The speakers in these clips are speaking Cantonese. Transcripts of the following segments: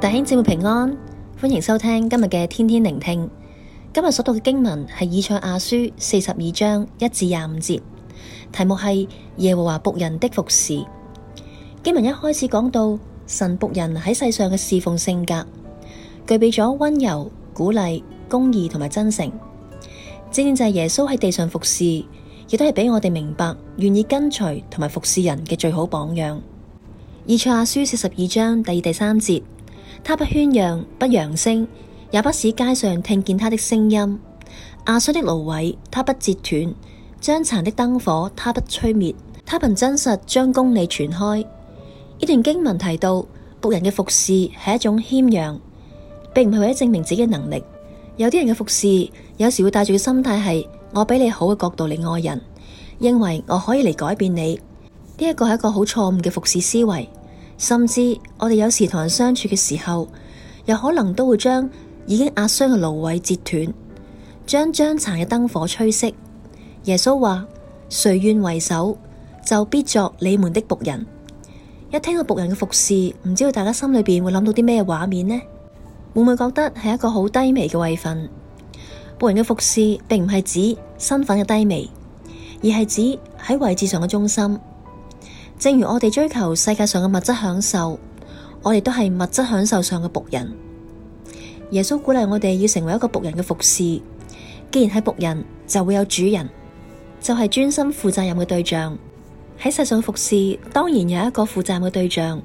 弟兄姊妹平安，歡迎收聽今日嘅天天聆聽。今日所讀嘅經文係《以賽亞書》四十二章一至廿五節，題目係耶和華僕人的服侍。經文一開始講到神僕人喺世上嘅侍奉性格，具備咗溫柔、鼓勵、公義同埋真誠。正正就係耶穌喺地上服侍，亦都係畀我哋明白願意跟隨同埋服侍人嘅最好榜樣。《以賽亞書》四十二章第二、第三節。他不喧嚷，不揚聲，也不使街上聽見他的聲音。壓傷的蘆葦，他不折斷；將殘的燈火，他不吹滅。他憑真實將公理傳開。呢段經文提到僕人嘅服侍係一種謙讓，並唔係為咗證明自己嘅能力。有啲人嘅服侍有時會帶住心態係我比你好嘅角度嚟愛人，認為我可以嚟改變你，呢、這個、一個係一個好錯誤嘅服侍思維。甚至我哋有時同人相處嘅時候，有可能都會將已經壓傷嘅蘆葦折斷，將將殘嘅燈火吹熄。耶穌話：誰願為首，就必作你們的僕人。一聽到僕人嘅服侍，唔知道大家心裏邊會諗到啲咩畫面呢？會唔會覺得係一個好低微嘅位份？僕人嘅服侍，並唔係指身份嘅低微，而係指喺位置上嘅忠心。正如我哋追求世界上嘅物質享受，我哋都係物質享受上嘅僕人。耶穌鼓勵我哋要成為一個僕人嘅服侍，既然係僕人，就會有主人，就係、是、專心負責任嘅對象。喺世上服侍，當然有一個負責任嘅對象，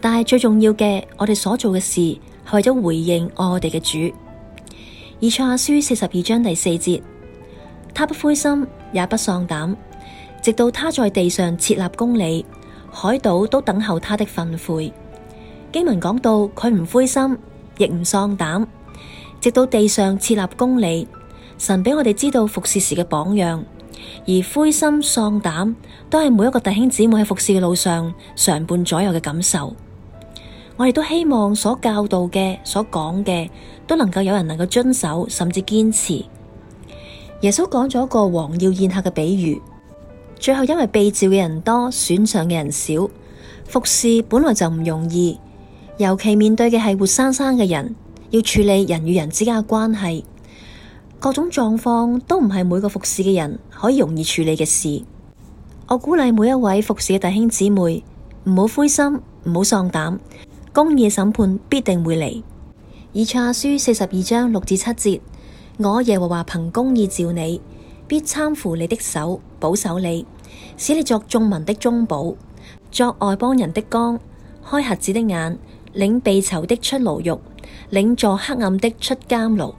但係最重要嘅，我哋所做嘅事係為咗回應愛我哋嘅主。以賽亞書四十二章第四節，他不灰心，也不喪膽。直到他在地上設立公理，海島都等候他的訓誨。經文講到佢唔灰心，亦唔喪膽，直到地上設立公理，神俾我哋知道服侍時嘅榜樣，而灰心喪膽都係每一個弟兄姊妹喺服侍嘅路上常伴左右嘅感受。我哋都希望所教導嘅、所講嘅都能夠有人能夠遵守，甚至堅持。耶穌講咗一個王要宴客嘅比喻。最後因為被召嘅人多，選上嘅人少，服侍本來就唔容易，尤其面對嘅係活生生嘅人，要處理人與人之間嘅關係，各種狀況都唔係每個服侍嘅人可以容易處理嘅事。我鼓勵每一位服侍嘅弟兄姊妹，唔好灰心，唔好喪膽，公義嘅審判必定會嚟。以賽亞書四十二章六至七節：我耶和華憑公義召你。必攙扶你的手，保守你，使你作眾民的中保，作外邦人的光，開瞎子的眼，領被囚的出牢獄，領坐黑暗的出監牢。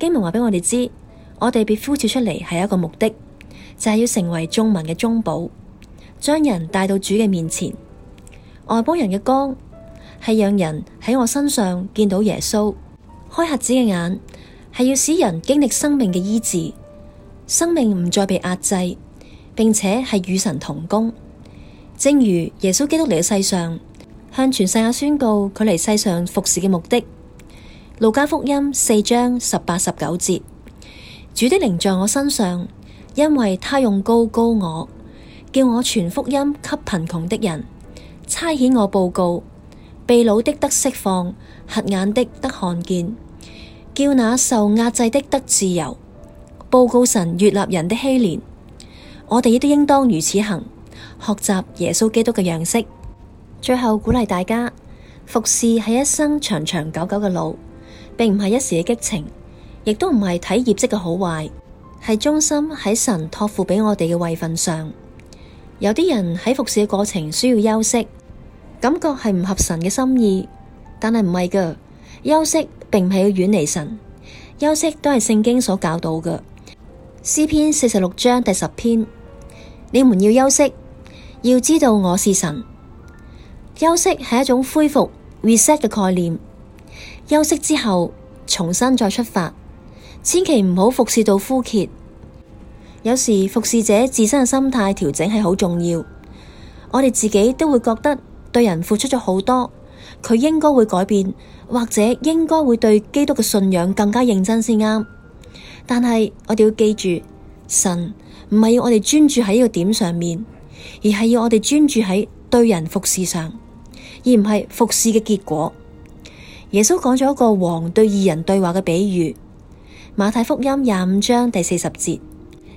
經文話俾我哋知，我哋被呼召出嚟，係一個目的，就係、是、要成為眾民嘅中保，將人帶到主嘅面前。外邦人嘅光係讓人喺我身上見到耶穌；開瞎子嘅眼係要使人經歷生命嘅醫治。生命唔再被壓制，並且係與神同工，正如耶穌基督嚟嘅世上，向全世界宣告佢嚟世上服侍嘅目的。路加福音四章十八十九節，主的靈在我身上，因為他用膏膏我，叫我傳福音給貧窮的人，差遣我報告被擄的得釋放，瞎眼的得看見，叫那受壓制的得自由。報告神，悅納人的禧年，我哋亦都應當如此行，學習耶穌基督嘅樣式。最後鼓勵大家，服侍係一生長長久久嘅路，並唔係一時嘅激情，亦都唔係睇業績嘅好壞，係忠心喺神託付俾我哋嘅位份上。有啲人喺服侍嘅過程需要休息，感覺係唔合神嘅心意，但係唔係噶，休息並唔係要遠離神，休息都係聖經所教導嘅。詩篇四十六章第十篇，你們要休息，要知道我是神。休息係一種恢復 reset 嘅概念。休息之後，重新再出發，千祈唔好服侍到枯竭。有時服侍者自身嘅心態調整係好重要。我哋自己都會覺得對人付出咗好多，佢應該會改變，或者應該會對基督嘅信仰更加認真先啱。但係我哋要記住，神唔係要我哋專注喺呢個點上面，而係要我哋專注喺對人服侍上，而唔係服侍嘅結果。耶穌講咗一個王對二人對話嘅比喻，《馬太福音》廿五章第四十節：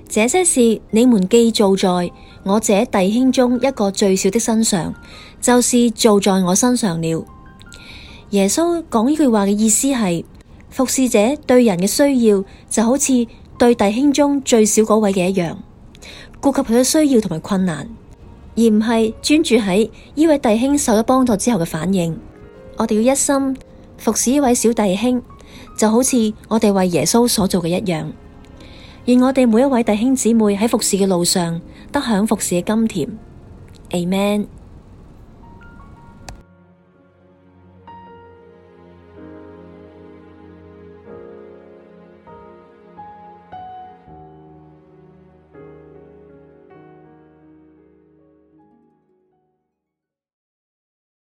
這些事你們既做在我這弟兄中一個最小的身上，就是做在我身上了。耶穌講呢句話嘅意思係。服侍者對人嘅需要就好似對弟兄中最少嗰位嘅一樣，顧及佢嘅需要同埋困難，而唔係專注喺呢位弟兄受咗幫助之後嘅反應。我哋要一心服侍呢位小弟兄，就好似我哋為耶穌所做嘅一樣，願我哋每一位弟兄姊妹喺服侍嘅路上得享服侍嘅甘甜。Amen。